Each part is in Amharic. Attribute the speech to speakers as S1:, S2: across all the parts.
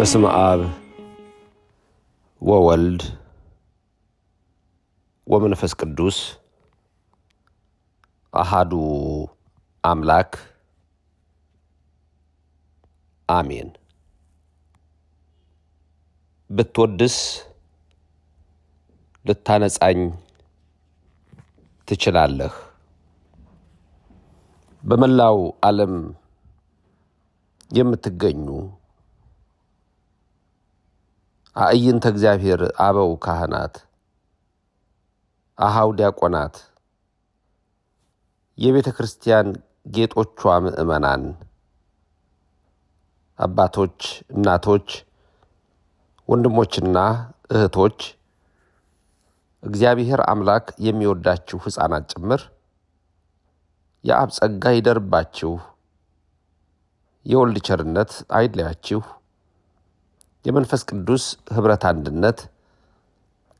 S1: በስም አብ ወወልድ ወመንፈስ ቅዱስ አሃዱ አምላክ አሜን። ብትወድስ ልታነጻኝ ትችላለህ። በመላው ዓለም የምትገኙ አእይንተ እግዚአብሔር አበው ካህናት አሃው ዲያቆናት የቤተ ክርስቲያን ጌጦቿ ምዕመናን አባቶች፣ እናቶች፣ ወንድሞችና እህቶች እግዚአብሔር አምላክ የሚወዳችሁ ሕፃናት ጭምር የአብ ጸጋ ይደርባችሁ፣ የወልድ ቸርነት አይለያችሁ። የመንፈስ ቅዱስ ኅብረት አንድነት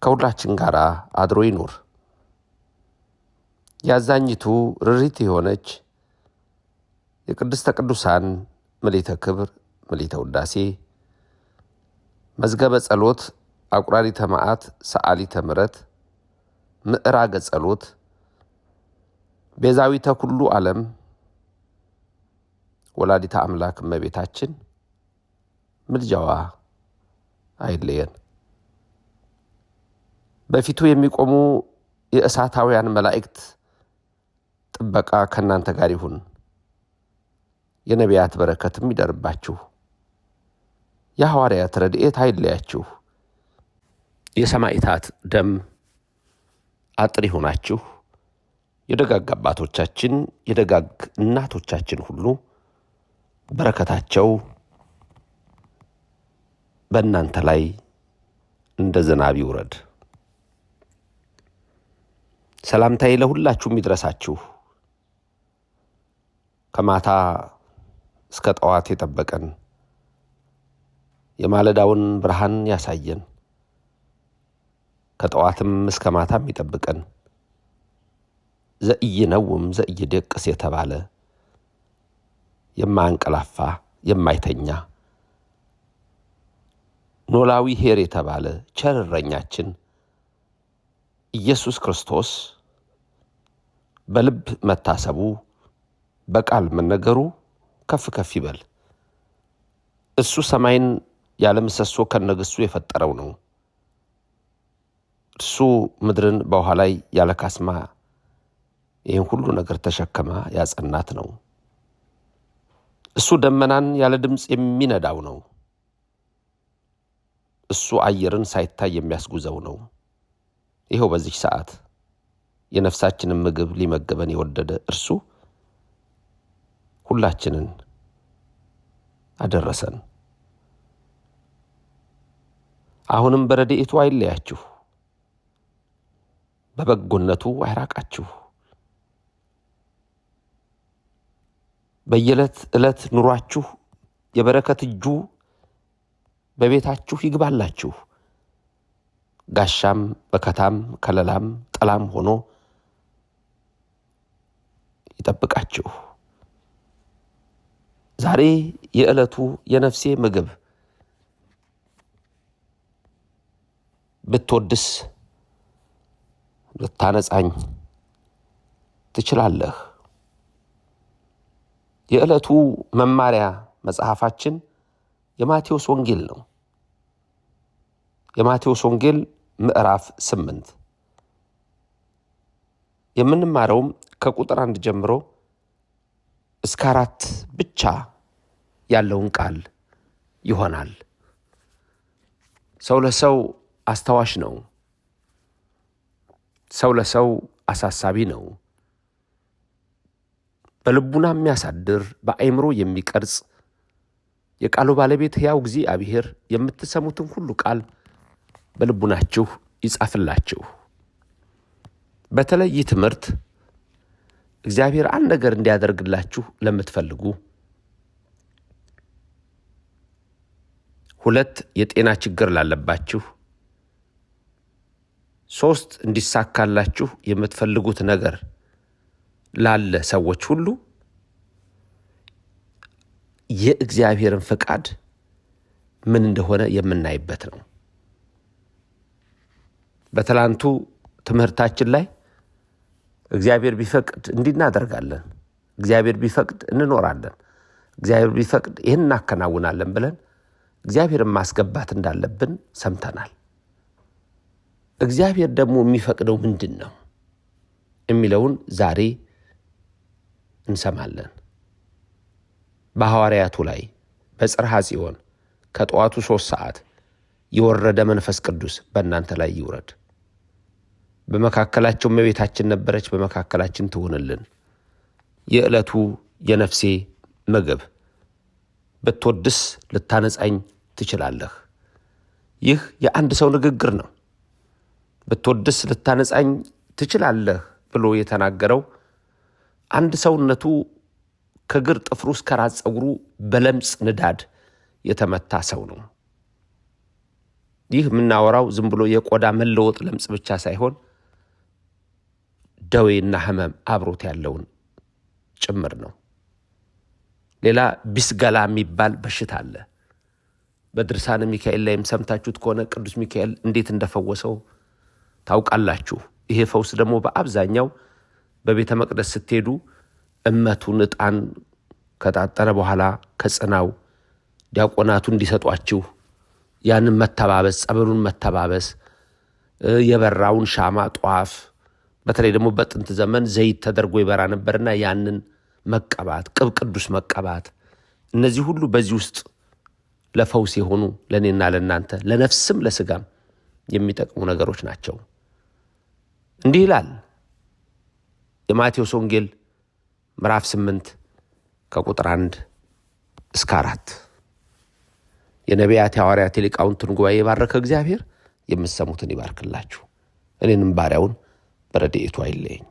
S1: ከሁላችን ጋር አድሮ ይኑር። የአዛኝቱ ርሪት የሆነች የቅድስተ ቅዱሳን ምሊተ ክብር ምሊተ ውዳሴ መዝገበ ጸሎት አቁራሪተ መዓት ሰዓሊተ ምሕረት ምዕራገ ጸሎት ቤዛዊተ ኩሉ ዓለም ወላዲተ አምላክ እመቤታችን ምልጃዋ አይለየን። በፊቱ የሚቆሙ የእሳታውያን መላእክት ጥበቃ ከእናንተ ጋር ይሁን። የነቢያት በረከትም ይደርባችሁ። የሐዋርያት ረድኤት አይለያችሁ። የሰማዕታት ደም አጥር ይሁናችሁ። የደጋግ አባቶቻችን የደጋግ እናቶቻችን ሁሉ በረከታቸው በእናንተ ላይ እንደ ዝናብ ይውረድ። ሰላምታዬ ለሁላችሁም ይድረሳችሁ። ከማታ እስከ ጠዋት የጠበቀን የማለዳውን ብርሃን ያሳየን ከጠዋትም እስከ ማታም ይጠብቀን ዘእይ ደቅስ የተባለ የማያንቀላፋ የማይተኛ ኖላዊ ሄር የተባለ ቸርረኛችን ኢየሱስ ክርስቶስ በልብ መታሰቡ በቃል መነገሩ ከፍ ከፍ ይበል። እሱ ሰማይን ያለ ምሰሶ ከነግሱ የፈጠረው ነው። እርሱ ምድርን በውኃ ላይ ያለ ካስማ ይህን ሁሉ ነገር ተሸከማ ያጸናት ነው። እሱ ደመናን ያለ ድምፅ የሚነዳው ነው። እሱ አየርን ሳይታይ የሚያስጉዘው ነው። ይኸው በዚህ ሰዓት የነፍሳችንን ምግብ ሊመገበን የወደደ እርሱ ሁላችንን አደረሰን። አሁንም በረድኤቱ አይለያችሁ፣ በበጎነቱ አይራቃችሁ። በየዕለት ዕለት ኑሯችሁ የበረከት እጁ በቤታችሁ ይግባላችሁ። ጋሻም በከታም፣ ከለላም ጥላም ሆኖ ይጠብቃችሁ። ዛሬ የዕለቱ የነፍሴ ምግብ ብትወድስ ልታነጻኝ ትችላለህ። የዕለቱ መማሪያ መጽሐፋችን የማቴዎስ ወንጌል ነው። የማቴዎስ ወንጌል ምዕራፍ ስምንት የምንማረውም ከቁጥር አንድ ጀምሮ እስከ አራት ብቻ ያለውን ቃል ይሆናል። ሰው ለሰው አስታዋሽ ነው። ሰው ለሰው አሳሳቢ ነው። በልቡና የሚያሳድር በአእምሮ የሚቀርጽ የቃሉ ባለቤት ሕያው እግዚአብሔር የምትሰሙትን ሁሉ ቃል በልቡናችሁ ይጻፍላችሁ። በተለይ ይህ ትምህርት እግዚአብሔር አንድ ነገር እንዲያደርግላችሁ ለምትፈልጉ፣ ሁለት የጤና ችግር ላለባችሁ፣ ሶስት እንዲሳካላችሁ የምትፈልጉት ነገር ላለ ሰዎች ሁሉ የእግዚአብሔርን ፈቃድ ምን እንደሆነ የምናይበት ነው። በትላንቱ ትምህርታችን ላይ እግዚአብሔር ቢፈቅድ እንዲህ እናደርጋለን፣ እግዚአብሔር ቢፈቅድ እንኖራለን፣ እግዚአብሔር ቢፈቅድ ይህን እናከናውናለን ብለን እግዚአብሔርን ማስገባት እንዳለብን ሰምተናል። እግዚአብሔር ደግሞ የሚፈቅደው ምንድን ነው የሚለውን ዛሬ እንሰማለን። በሐዋርያቱ ላይ በጽርሐ ጽዮን ከጠዋቱ ሦስት ሰዓት የወረደ መንፈስ ቅዱስ በእናንተ ላይ ይውረድ። በመካከላቸው እመቤታችን ነበረች፣ በመካከላችን ትሆንልን። የዕለቱ የነፍሴ ምግብ ብትወድስ ልታነጻኝ ትችላለህ። ይህ የአንድ ሰው ንግግር ነው። ብትወድስ ልታነጻኝ ትችላለህ ብሎ የተናገረው አንድ ሰውነቱ ከግር ጥፍሩ እስከ ራስ ፀጉሩ በለምጽ ንዳድ የተመታ ሰው ነው። ይህ የምናወራው ዝም ብሎ የቆዳ መለወጥ ለምጽ ብቻ ሳይሆን ደዌና ህመም አብሮት ያለውን ጭምር ነው። ሌላ ቢስገላ የሚባል በሽታ አለ። በድርሳነ ሚካኤል ላይም ሰምታችሁት ከሆነ ቅዱስ ሚካኤል እንዴት እንደፈወሰው ታውቃላችሁ። ይሄ ፈውስ ደግሞ በአብዛኛው በቤተ መቅደስ ስትሄዱ እመቱን ዕጣን ከጣጠረ በኋላ ከጽናው ዲያቆናቱ እንዲሰጧችሁ ያንን መተባበስ ጸበሉን መተባበስ የበራውን ሻማ ጧፍ በተለይ ደግሞ በጥንት ዘመን ዘይት ተደርጎ ይበራ ነበርና ያንን መቀባት፣ ቅብ ቅዱስ መቀባት፣ እነዚህ ሁሉ በዚህ ውስጥ ለፈውስ የሆኑ ለእኔና ለእናንተ ለነፍስም ለስጋም የሚጠቅሙ ነገሮች ናቸው። እንዲህ ይላል የማቴዎስ ወንጌል ምዕራፍ ስምንት ከቁጥር 1 እስከ አራት የነቢያት የሐዋርያት የሊቃውንትን ጉባኤ የባረከ እግዚአብሔር የምትሰሙትን ይባርክላችሁ እኔንም ባሪያውን በረድኤቱ አይለየኝ።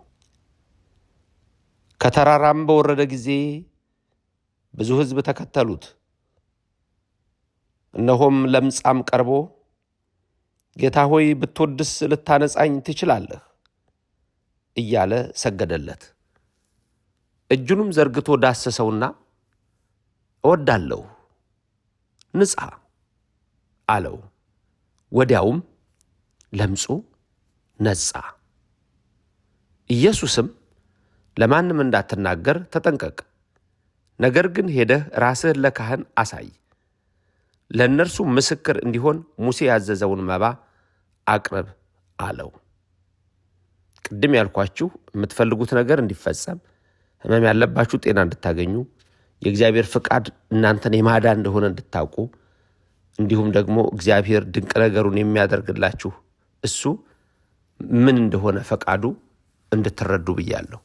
S1: ከተራራም በወረደ ጊዜ ብዙ ሕዝብ ተከተሉት። እነሆም ለምጻም ቀርቦ ጌታ ሆይ ብትወድስ ልታነጻኝ ትችላለህ እያለ ሰገደለት። እጁንም ዘርግቶ ዳሰሰውና እወዳለሁ ንጻ አለው። ወዲያውም ለምጹ ነጻ። ኢየሱስም ለማንም እንዳትናገር ተጠንቀቅ፣ ነገር ግን ሄደህ ራስህን ለካህን አሳይ፣ ለእነርሱ ምስክር እንዲሆን ሙሴ ያዘዘውን መባ አቅርብ አለው። ቅድም ያልኳችሁ የምትፈልጉት ነገር እንዲፈጸም፣ ህመም ያለባችሁ ጤና እንድታገኙ፣ የእግዚአብሔር ፍቃድ እናንተን የማዳ እንደሆነ እንድታውቁ፣ እንዲሁም ደግሞ እግዚአብሔር ድንቅ ነገሩን የሚያደርግላችሁ እሱ ምን እንደሆነ ፈቃዱ እንድትረዱ ብያለሁ።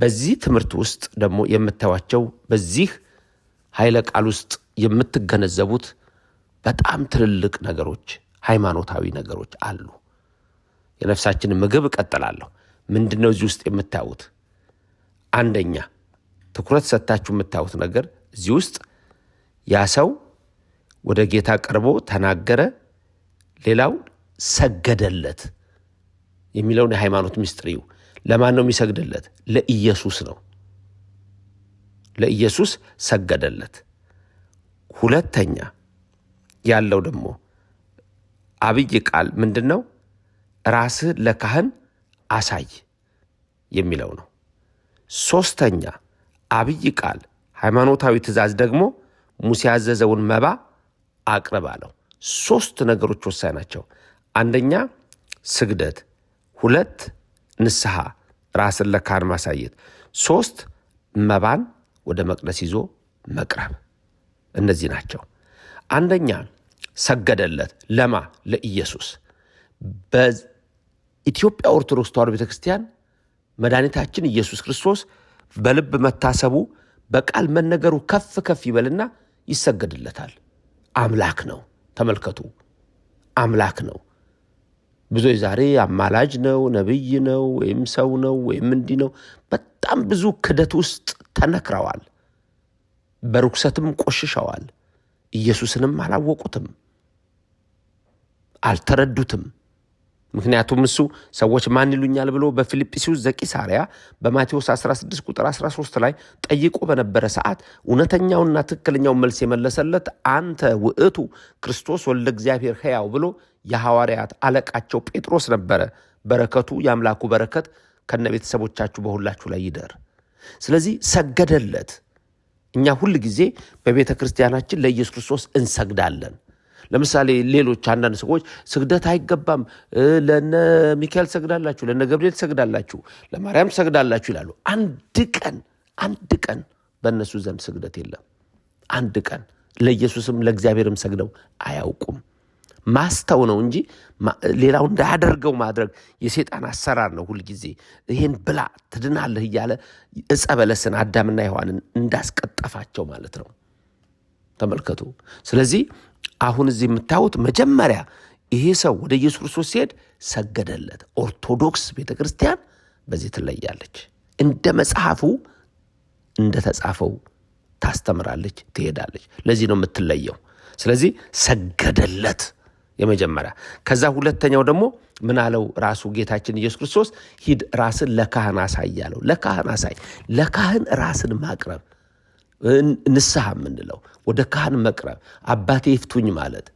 S1: በዚህ ትምህርት ውስጥ ደግሞ የምታዩቸው በዚህ ኃይለ ቃል ውስጥ የምትገነዘቡት በጣም ትልልቅ ነገሮች፣ ሃይማኖታዊ ነገሮች አሉ። የነፍሳችንን ምግብ እቀጥላለሁ። ምንድን ነው እዚህ ውስጥ የምታዩት? አንደኛ ትኩረት ሰጥታችሁ የምታዩት ነገር እዚህ ውስጥ ያ ሰው ወደ ጌታ ቀርቦ ተናገረ፣ ሌላው ሰገደለት የሚለውን የሃይማኖት ምስጢር እዩ። ለማን ነው የሚሰግድለት? ለኢየሱስ ነው። ለኢየሱስ ሰገደለት። ሁለተኛ ያለው ደግሞ አብይ ቃል ምንድን ነው? ራስህ ለካህን አሳይ የሚለው ነው። ሶስተኛ አብይ ቃል ሃይማኖታዊ ትእዛዝ ደግሞ ሙሴ ያዘዘውን መባ አቅርብ አለው። ሶስት ነገሮች ወሳኝ ናቸው። አንደኛ ስግደት፣ ሁለት ንስሐ፣ ራስን ለካህን ማሳየት። ሶስት መባን ወደ መቅደስ ይዞ መቅረብ። እነዚህ ናቸው። አንደኛ ሰገደለት ለማ ለኢየሱስ። በኢትዮጵያ ኦርቶዶክስ ተዋሕዶ ቤተክርስቲያን መድኃኒታችን ኢየሱስ ክርስቶስ በልብ መታሰቡ በቃል መነገሩ ከፍ ከፍ ይበልና ይሰገድለታል። አምላክ ነው። ተመልከቱ፣ አምላክ ነው። ብዙዎች ዛሬ አማላጅ ነው፣ ነቢይ ነው፣ ወይም ሰው ነው፣ ወይም እንዲህ ነው። በጣም ብዙ ክደት ውስጥ ተነክረዋል። በርኩሰትም ቆሽሸዋል። ኢየሱስንም አላወቁትም፣ አልተረዱትም። ምክንያቱም እሱ ሰዎች ማን ይሉኛል ብሎ በፊልጵስዩስ ዘቂሳርያ በማቴዎስ 16 ቁጥር 13 ላይ ጠይቆ በነበረ ሰዓት እውነተኛውና ትክክለኛው መልስ የመለሰለት አንተ ውእቱ ክርስቶስ ወልደ እግዚአብሔር ሕያው ብሎ የሐዋርያት አለቃቸው ጴጥሮስ ነበረ። በረከቱ የአምላኩ በረከት ከነ ቤተሰቦቻችሁ በሁላችሁ ላይ ይደር። ስለዚህ ሰገደለት። እኛ ሁል ጊዜ በቤተ ክርስቲያናችን ለኢየሱስ ክርስቶስ እንሰግዳለን። ለምሳሌ ሌሎች አንዳንድ ሰዎች ስግደት አይገባም፣ ለነ ሚካኤል ትሰግዳላችሁ፣ ለነ ገብርኤል ትሰግዳላችሁ፣ ለማርያም ትሰግዳላችሁ ይላሉ። አንድ ቀን አንድ ቀን በእነሱ ዘንድ ስግደት የለም። አንድ ቀን ለኢየሱስም ለእግዚአብሔርም ሰግደው አያውቁም። ማስተው ነው እንጂ ሌላው እንዳያደርገው ማድረግ የሴጣን አሰራር ነው። ሁልጊዜ ይሄን ብላ ትድናለህ እያለ እጸ በለስን አዳምና ሔዋንን እንዳስቀጠፋቸው ማለት ነው። ተመልከቱ። ስለዚህ አሁን እዚህ የምታዩት መጀመሪያ ይሄ ሰው ወደ ኢየሱስ ክርስቶስ ሲሄድ ሰገደለት። ኦርቶዶክስ ቤተ ክርስቲያን በዚህ ትለያለች። እንደ መጽሐፉ እንደተጻፈው ታስተምራለች፣ ትሄዳለች። ለዚህ ነው የምትለየው። ስለዚህ ሰገደለት። የመጀመሪያ ከዛ ሁለተኛው ደግሞ ምን አለው ራሱ ጌታችን ኢየሱስ ክርስቶስ ሂድ ራስን ለካህን አሳይ አለው። ለካህን አሳይ፣ ለካህን ራስን ማቅረብ ንስሐ የምንለው ወደ ካህን መቅረብ አባቴ ይፍቱኝ ማለት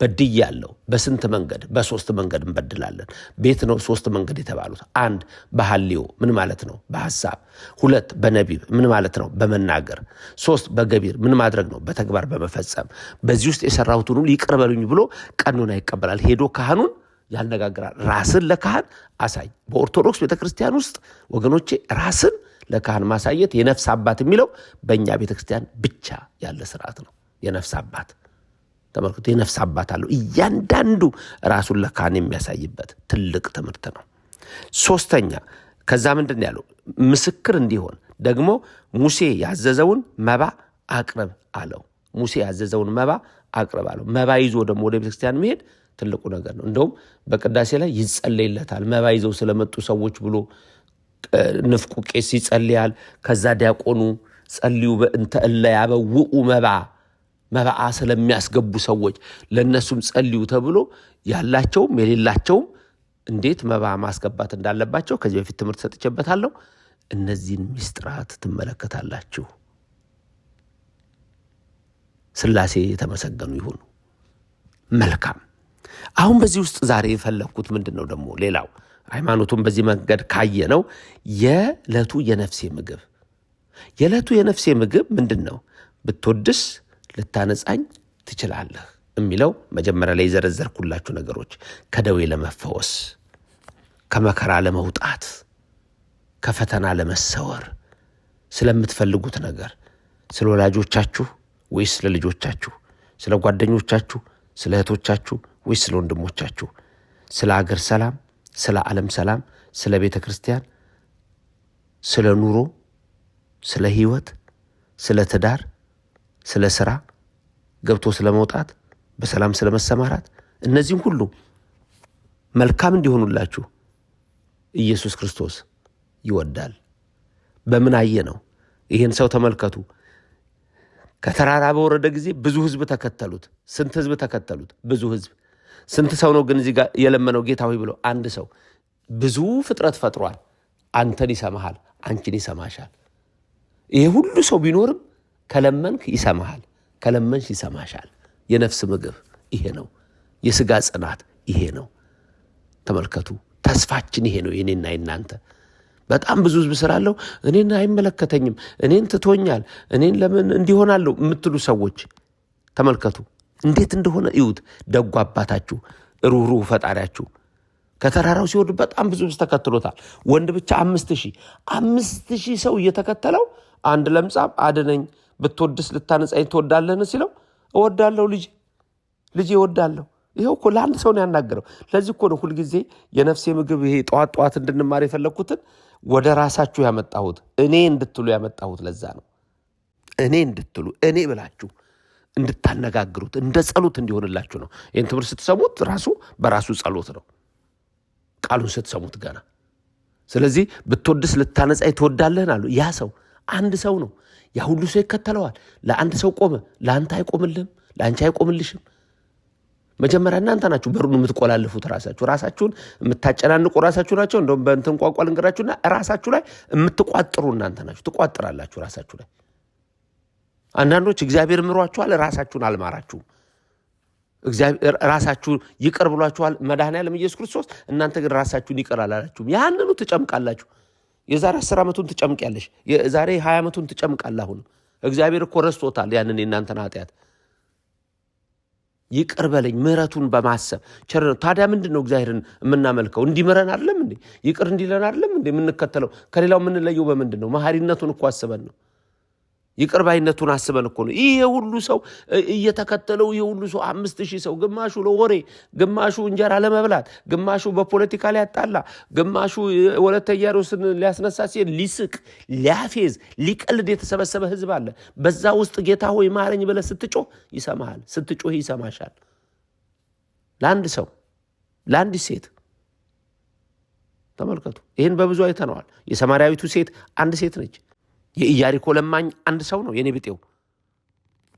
S1: በድያለሁ። በስንት መንገድ? በሶስት መንገድ እንበድላለን። ቤት ነው ሶስት መንገድ የተባሉት። አንድ በሐልዮ ምን ማለት ነው? በሐሳብ። ሁለት በነቢብ ምን ማለት ነው? በመናገር። ሶስት በገቢር ምን ማድረግ ነው? በተግባር በመፈጸም። በዚህ ውስጥ የሰራሁትን ሁሉ ይቅር በሉኝ ብሎ ቀኖና ይቀበላል። ሄዶ ካህኑን ያነጋግራል። ራስን ለካህን አሳይ። በኦርቶዶክስ ቤተክርስቲያን ውስጥ ወገኖቼ ራስን ለካህን ማሳየት የነፍስ አባት የሚለው በእኛ ቤተክርስቲያን ብቻ ያለ ስርዓት ነው። የነፍስ አባት ተመልክቶ የነፍስ አባት አለው። እያንዳንዱ ራሱን ለካህን የሚያሳይበት ትልቅ ትምህርት ነው። ሶስተኛ ከዛ ምንድን ያለው ምስክር እንዲሆን ደግሞ ሙሴ ያዘዘውን መባ አቅርብ አለው። ሙሴ ያዘዘውን መባ አቅርብ አለው። መባ ይዞ ደግሞ ወደ ቤተክርስቲያን መሄድ ትልቁ ነገር ነው። እንደውም በቅዳሴ ላይ ይጸለይለታል። መባ ይዘው ስለመጡ ሰዎች ብሎ ንፍቁ ቄስ ይጸልያል። ከዛ ዲያቆኑ ጸልዩ በእንተ እለ ያበውኡ መባ መባዓ ስለሚያስገቡ ሰዎች ለእነሱም ጸልዩ ተብሎ ያላቸውም የሌላቸውም እንዴት መባዓ ማስገባት እንዳለባቸው ከዚህ በፊት ትምህርት ሰጥቼበታለሁ። እነዚህን ሚስጥራት ትመለከታላችሁ። ስላሴ የተመሰገኑ ይሁኑ። መልካም። አሁን በዚህ ውስጥ ዛሬ የፈለግኩት ምንድን ነው ደግሞ ሌላው ሃይማኖቱን በዚህ መንገድ ካየ ነው የዕለቱ የነፍሴ ምግብ የዕለቱ የነፍሴ ምግብ ምንድን ነው ብትወድስ ልታነጻኝ ትችላለህ የሚለው መጀመሪያ ላይ የዘረዘርኩላችሁ ነገሮች ከደዌ ለመፈወስ፣ ከመከራ ለመውጣት፣ ከፈተና ለመሰወር፣ ስለምትፈልጉት ነገር ስለ ወላጆቻችሁ ወይስ ስለ ልጆቻችሁ፣ ስለ ጓደኞቻችሁ፣ ስለ እህቶቻችሁ ወይስ ስለ ወንድሞቻችሁ፣ ስለ አገር ሰላም፣ ስለ ዓለም ሰላም፣ ስለ ቤተ ክርስቲያን፣ ስለ ኑሮ፣ ስለ ህይወት ስለ ትዳር ስለ ስራ ገብቶ ስለ መውጣት፣ በሰላም ስለ መሰማራት፣ እነዚህም ሁሉ መልካም እንዲሆኑላችሁ ኢየሱስ ክርስቶስ ይወዳል። በምን አየ ነው? ይህን ሰው ተመልከቱ። ከተራራ በወረደ ጊዜ ብዙ ህዝብ ተከተሉት። ስንት ህዝብ ተከተሉት? ብዙ ህዝብ ስንት ሰው ነው ግን እዚህ ጋር የለመነው? ጌታ ሆይ ብሎ አንድ ሰው። ብዙ ፍጥረት ፈጥሯል። አንተን ይሰማሃል፣ አንቺን ይሰማሻል። ይሄ ሁሉ ሰው ቢኖርም ከለመንክ ይሰማሃል፣ ከለመንሽ ይሰማሻል። የነፍስ ምግብ ይሄ ነው። የስጋ ጽናት ይሄ ነው። ተመልከቱ፣ ተስፋችን ይሄ ነው። የኔና የናንተ በጣም ብዙ ህዝብ ስላለው እኔን አይመለከተኝም፣ እኔን ትቶኛል፣ እኔን ለምን እንዲሆናለሁ የምትሉ ሰዎች ተመልከቱ፣ እንዴት እንደሆነ እዩት። ደጉ አባታችሁ ሩህሩህ ፈጣሪያችሁ ከተራራው ሲወርድ በጣም ብዙ ህዝብ ተከትሎታል። ወንድ ብቻ አምስት ሺህ አምስት ሺህ ሰው እየተከተለው አንድ ለምጻም አድነኝ ብትወድስ ልታነጻኝ ትወዳለህን ሲለው እወዳለሁ ልጅ ልጅ እወዳለሁ። ይኸው እኮ ለአንድ ሰው ነው ያናገረው። ለዚህ እኮ ነው ሁልጊዜ የነፍሴ ምግብ ይሄ ጠዋት ጠዋት እንድንማር የፈለግኩትን ወደ ራሳችሁ ያመጣሁት እኔ እንድትሉ ያመጣሁት ለዛ ነው። እኔ እንድትሉ እኔ ብላችሁ እንድታነጋግሩት እንደ ጸሎት እንዲሆንላችሁ ነው። ይህን ትምህርት ስትሰሙት ራሱ በራሱ ጸሎት ነው፣ ቃሉን ስትሰሙት ገና። ስለዚህ ብትወድስ ልታነጻኝ ትወዳለህን አሉ። ያ ሰው አንድ ሰው ነው። ያ ሁሉ ሰው ይከተለዋል። ለአንድ ሰው ቆመ፣ ለአንተ አይቆምልህም፣ ለአንቺ አይቆምልሽም። መጀመሪያ እናንተ ናችሁ በሩን የምትቆላልፉት፣ ራሳችሁ ራሳችሁን የምታጨናንቁ ራሳችሁ ናቸው። እንደውም በእንትን ቋንቋ ልንገራችሁና ራሳችሁ ላይ የምትቋጥሩ እናንተ ናችሁ። ትቋጥራላችሁ ራሳችሁ ላይ። አንዳንዶች እግዚአብሔር ምሯችኋል፣ ራሳችሁን አልማራችሁም። ራሳችሁ ይቅር ብሏችኋል መድኃኔዓለም ኢየሱስ ክርስቶስ፣ እናንተ ግን ራሳችሁን ይቅር አላላችሁም። ያንኑ ትጨምቃላችሁ። የዛሬ አስር ዓመቱን ትጨምቅያለሽ። የዛሬ ሀያ ዓመቱን ትጨምቃለ። አሁን እግዚአብሔር እኮ ረስቶታል ያንን የእናንተን ኃጢአት። ይቅር በለኝ ምሕረቱን በማሰብ ቸር ነው። ታዲያ ምንድን ነው እግዚአብሔርን የምናመልከው? እንዲምረን አይደለም እንዴ? ይቅር እንዲለን አይደለም እንዴ የምንከተለው? ከሌላው የምንለየው በምንድን ነው? መሐሪነቱን እኮ አስበን ነው። ይቅር ባይነቱን አስበን እኮ ነው። ይህ ሁሉ ሰው እየተከተለው የሁሉ ሁሉ ሰው አምስት ሺህ ሰው ግማሹ ለወሬ፣ ግማሹ እንጀራ ለመብላት፣ ግማሹ በፖለቲካ ሊያጣላ፣ ግማሹ ወለተ ኢያሪዎስን ሊያስነሳ ሲል ሊስቅ፣ ሊያፌዝ፣ ሊቀልድ የተሰበሰበ ህዝብ አለ። በዛ ውስጥ ጌታ ሆይ ማረኝ ብለህ ስትጮህ ይሰማሃል፣ ስትጮህ ይሰማሻል። ለአንድ ሰው ለአንዲት ሴት ተመልከቱ። ይህን በብዙ አይተነዋል። የሰማርያዊቱ ሴት አንድ ሴት ነች። የኢያሪኮ ለማኝ አንድ ሰው ነው የኔ ብጤው።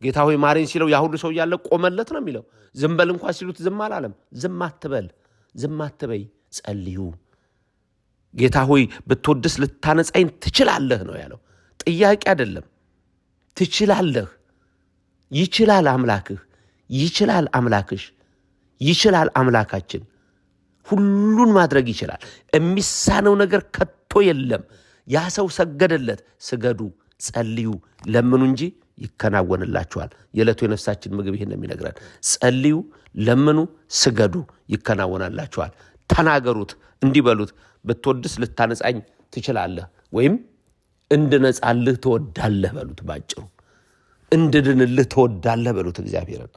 S1: ጌታ ሆይ ማረኝ ሲለው ያ ሰው እያለ ቆመለት ነው የሚለው። ዝም በል እንኳ ሲሉት ዝም አላለም። ዝም አትበል፣ ዝም አትበይ፣ ጸልዩ። ጌታ ሆይ ብትወድስ ልታነጻኝ ትችላለህ ነው ያለው። ጥያቄ አይደለም፣ ትችላለህ። ይችላል አምላክህ፣ ይችላል አምላክሽ፣ ይችላል አምላካችን። ሁሉን ማድረግ ይችላል። የሚሳነው ነገር ከቶ የለም። ያ ሰው ሰገደለት። ስገዱ፣ ጸልዩ፣ ለምኑ እንጂ ይከናወንላችኋል። የዕለቱ የነፍሳችን ምግብ ይህን የሚነግረን ጸልዩ፣ ለምኑ፣ ስገዱ፣ ይከናወናላችኋል። ተናገሩት፣ እንዲበሉት ብትወድስ ልታነጻኝ ትችላለህ ወይም እንድነጻልህ ትወዳለህ በሉት። ባጭሩ እንድድንልህ ትወዳለህ በሉት እግዚአብሔርን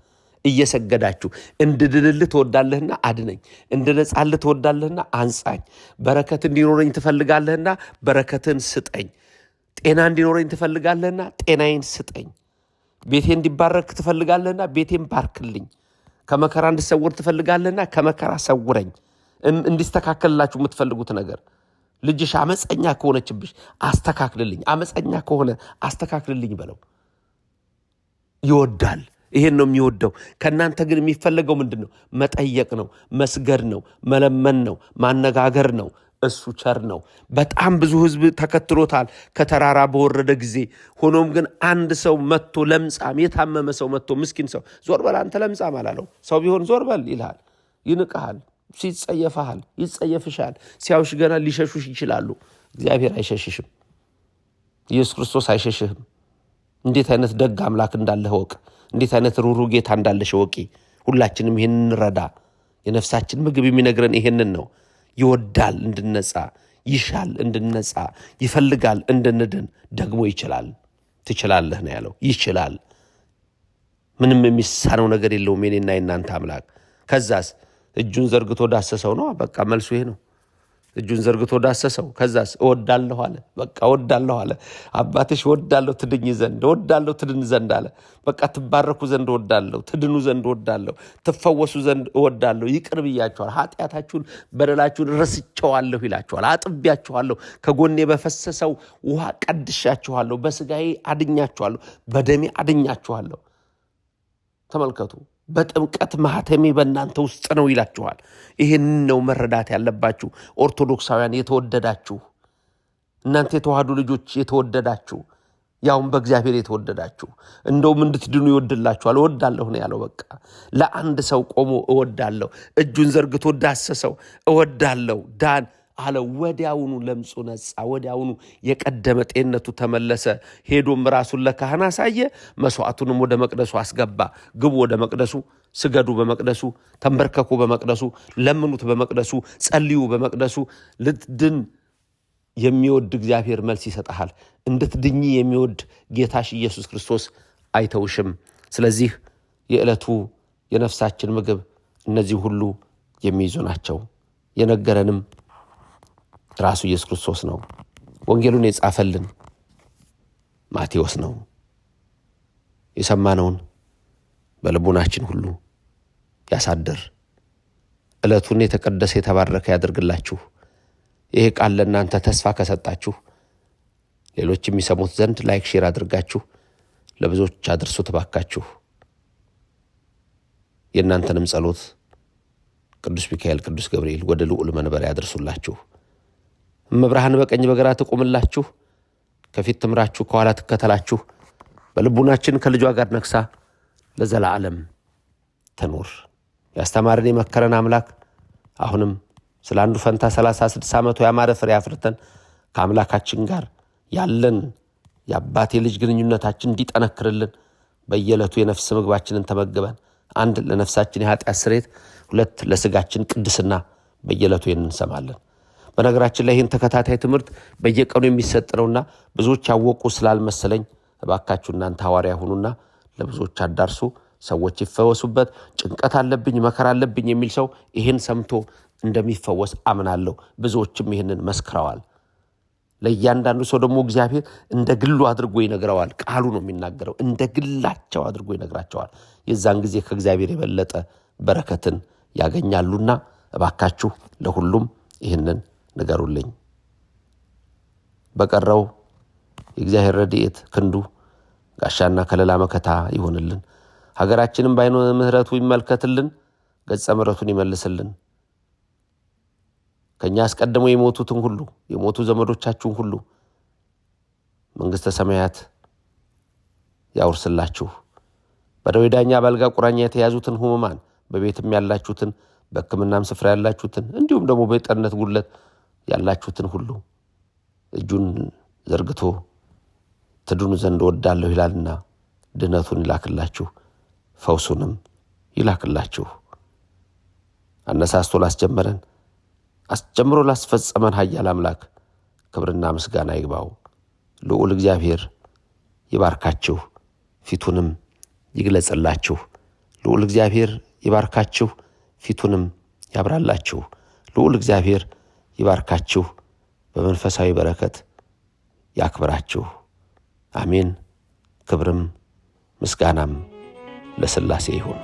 S1: እየሰገዳችሁ እንድድንልህ ትወዳለህና አድነኝ፣ እንድነጻልህ ትወዳለህና አንጻኝ፣ በረከት እንዲኖረኝ ትፈልጋለህና በረከትን ስጠኝ፣ ጤና እንዲኖረኝ ትፈልጋለህና ጤናዬን ስጠኝ፣ ቤቴ እንዲባረክ ትፈልጋለህና ቤቴን ባርክልኝ፣ ከመከራ እንድሰውር ትፈልጋለህና ከመከራ ሰውረኝ። እንዲስተካከልላችሁ የምትፈልጉት ነገር ልጅሽ አመፀኛ ከሆነችብሽ አስተካክልልኝ፣ አመፀኛ ከሆነ አስተካክልልኝ በለው። ይወዳል። ይሄን ነው የሚወደው። ከእናንተ ግን የሚፈለገው ምንድን ነው? መጠየቅ ነው፣ መስገድ ነው፣ መለመን ነው፣ ማነጋገር ነው። እሱ ቸር ነው። በጣም ብዙ ህዝብ ተከትሎታል ከተራራ በወረደ ጊዜ። ሆኖም ግን አንድ ሰው መጥቶ ለምጻም፣ የታመመ ሰው መጥቶ ምስኪን ሰው ዞር በል አንተ ለምጻም አላለው። ሰው ቢሆን ዞር በል ይልሃል፣ ይንቅሃል፣ ሲጸየፈሃል፣ ይጸየፍሻል። ሲያውሽ ገና ሊሸሹሽ ይችላሉ። እግዚአብሔር አይሸሽሽም። ኢየሱስ ክርስቶስ አይሸሽህም። እንዴት አይነት ደግ አምላክ እንዳለህ ወቅ እንዴት አይነት ሩሩ ጌታ እንዳለሽ ወቂ። ሁላችንም ይህን እንረዳ። የነፍሳችን ምግብ የሚነግረን ይሄንን ነው። ይወዳል እንድነጻ፣ ይሻል እንድነጻ፣ ይፈልጋል እንድንድን፣ ደግሞ ይችላል። ትችላለህ ነው ያለው። ይችላል። ምንም የሚሳነው ነገር የለውም የኔና የናንተ አምላክ። ከዛስ እጁን ዘርግቶ ዳሰሰው ነው። በቃ መልሱ ይሄ ነው። እጁን ዘርግቶ ዳሰሰው። ከዛስ እወዳለሁ አለ። በቃ እወዳለሁ አለ። አባትሽ እወዳለሁ ትድኝ ዘንድ እወዳለሁ ትድን ዘንድ አለ። በቃ ትባረኩ ዘንድ እወዳለሁ፣ ትድኑ ዘንድ እወዳለሁ፣ ትፈወሱ ዘንድ እወዳለሁ። ይቅር ብያቸዋል፣ ኃጢአታችሁን፣ በደላችሁን ረስቸዋለሁ ይላቸዋል። አጥቢያችኋለሁ፣ ከጎኔ በፈሰሰው ውሃ ቀድሻችኋለሁ፣ በስጋዬ አድኛችኋለሁ፣ በደሜ አድኛችኋለሁ። ተመልከቱ። በጥምቀት ማህተሜ በእናንተ ውስጥ ነው ይላችኋል። ይህን ነው መረዳት ያለባችሁ ኦርቶዶክሳውያን የተወደዳችሁ እናንተ የተዋህዱ ልጆች የተወደዳችሁ ያውም በእግዚአብሔር የተወደዳችሁ እንደውም እንድትድኑ ይወድላችኋል። እወዳለሁ ነው ያለው። በቃ ለአንድ ሰው ቆሞ እወዳለሁ፣ እጁን ዘርግቶ ዳሰሰው፣ እወዳለሁ ዳን አለ። ወዲያውኑ ለምጹ ነጻ፣ ወዲያውኑ የቀደመ ጤንነቱ ተመለሰ። ሄዶም ራሱን ለካህን አሳየ፣ መስዋዕቱንም ወደ መቅደሱ አስገባ። ግቡ ወደ መቅደሱ፣ ስገዱ በመቅደሱ፣ ተንበርከኩ በመቅደሱ፣ ለምኑት በመቅደሱ፣ ጸልዩ በመቅደሱ ልትድን የሚወድ እግዚአብሔር መልስ ይሰጠሃል። እንድትድኝ የሚወድ ጌታሽ ኢየሱስ ክርስቶስ አይተውሽም። ስለዚህ የዕለቱ የነፍሳችን ምግብ እነዚህ ሁሉ የሚይዙ ናቸው። የነገረንም ራሱ ኢየሱስ ክርስቶስ ነው። ወንጌሉን የጻፈልን ማቴዎስ ነው። የሰማነውን በልቡናችን ሁሉ ያሳድር። ዕለቱን የተቀደሰ የተባረከ ያደርግላችሁ። ይሄ ቃል ለእናንተ ተስፋ ከሰጣችሁ ሌሎች የሚሰሙት ዘንድ ላይክ፣ ሼር አድርጋችሁ ለብዙዎች አድርሱ ትባካችሁ። የእናንተንም ጸሎት ቅዱስ ሚካኤል፣ ቅዱስ ገብርኤል ወደ ልዑል መንበር ያደርሱላችሁ። እመብርሃን በቀኝ በግራ ትቁምላችሁ፣ ከፊት ትምራችሁ፣ ከኋላ ትከተላችሁ፣ በልቡናችን ከልጇ ጋር ነግሳ ለዘላለም ትኑር። ያስተማርን የመከረን አምላክ አሁንም ስለ አንዱ ፈንታ 36 ዓመቱ ያማረ ፍሬ አፍርተን ከአምላካችን ጋር ያለን የአባቴ የልጅ ግንኙነታችን እንዲጠነክርልን በየዕለቱ የነፍስ ምግባችንን ተመግበን አንድ ለነፍሳችን የኃጢአት ስሬት፣ ሁለት ለስጋችን ቅድስና በየዕለቱ ይህን እንሰማለን። በነገራችን ላይ ይህን ተከታታይ ትምህርት በየቀኑ የሚሰጥ ነውና ብዙዎች ያወቁ ስላልመሰለኝ እባካችሁ እናንተ ሐዋርያ ሁኑና ለብዙዎች አዳርሱ። ሰዎች ይፈወሱበት። ጭንቀት አለብኝ መከራ አለብኝ የሚል ሰው ይህን ሰምቶ እንደሚፈወስ አምናለሁ። ብዙዎችም ይህንን መስክረዋል። ለእያንዳንዱ ሰው ደግሞ እግዚአብሔር እንደ ግሉ አድርጎ ይነግረዋል። ቃሉ ነው የሚናገረው። እንደ ግላቸው አድርጎ ይነግራቸዋል። የዛን ጊዜ ከእግዚአብሔር የበለጠ በረከትን ያገኛሉና እባካችሁ ለሁሉም ይህንን ንገሩልኝ። በቀረው የእግዚአብሔር ረድኤት ክንዱ ጋሻና ከለላ መከታ ይሆንልን። ሀገራችንም በዓይነ ምሕረቱ ይመልከትልን፣ ገጸ ምሕረቱን ይመልስልን። ከእኛ አስቀድሞ የሞቱትን ሁሉ የሞቱ ዘመዶቻችሁን ሁሉ መንግሥተ ሰማያት ያውርስላችሁ። በደዌ ዳኛ በአልጋ ቁራኛ የተያዙትን ሕሙማን በቤትም ያላችሁትን በሕክምናም ስፍራ ያላችሁትን እንዲሁም ደግሞ በጠነት ጉድለት ያላችሁትን ሁሉ እጁን ዘርግቶ ትድኑ ዘንድ ወዳለሁ ይላልና ድህነቱን ይላክላችሁ፣ ፈውሱንም ይላክላችሁ። አነሳስቶ ላስጀመረን አስጀምሮ ላስፈጸመን ሀያል አምላክ ክብርና ምስጋና ይግባው። ልዑል እግዚአብሔር ይባርካችሁ፣ ፊቱንም ይግለጽላችሁ። ልዑል እግዚአብሔር ይባርካችሁ፣ ፊቱንም ያብራላችሁ። ልዑል እግዚአብሔር ይባርካችሁ፣ በመንፈሳዊ በረከት ያክብራችሁ። አሜን። ክብርም ምስጋናም ለሥላሴ ይሁን።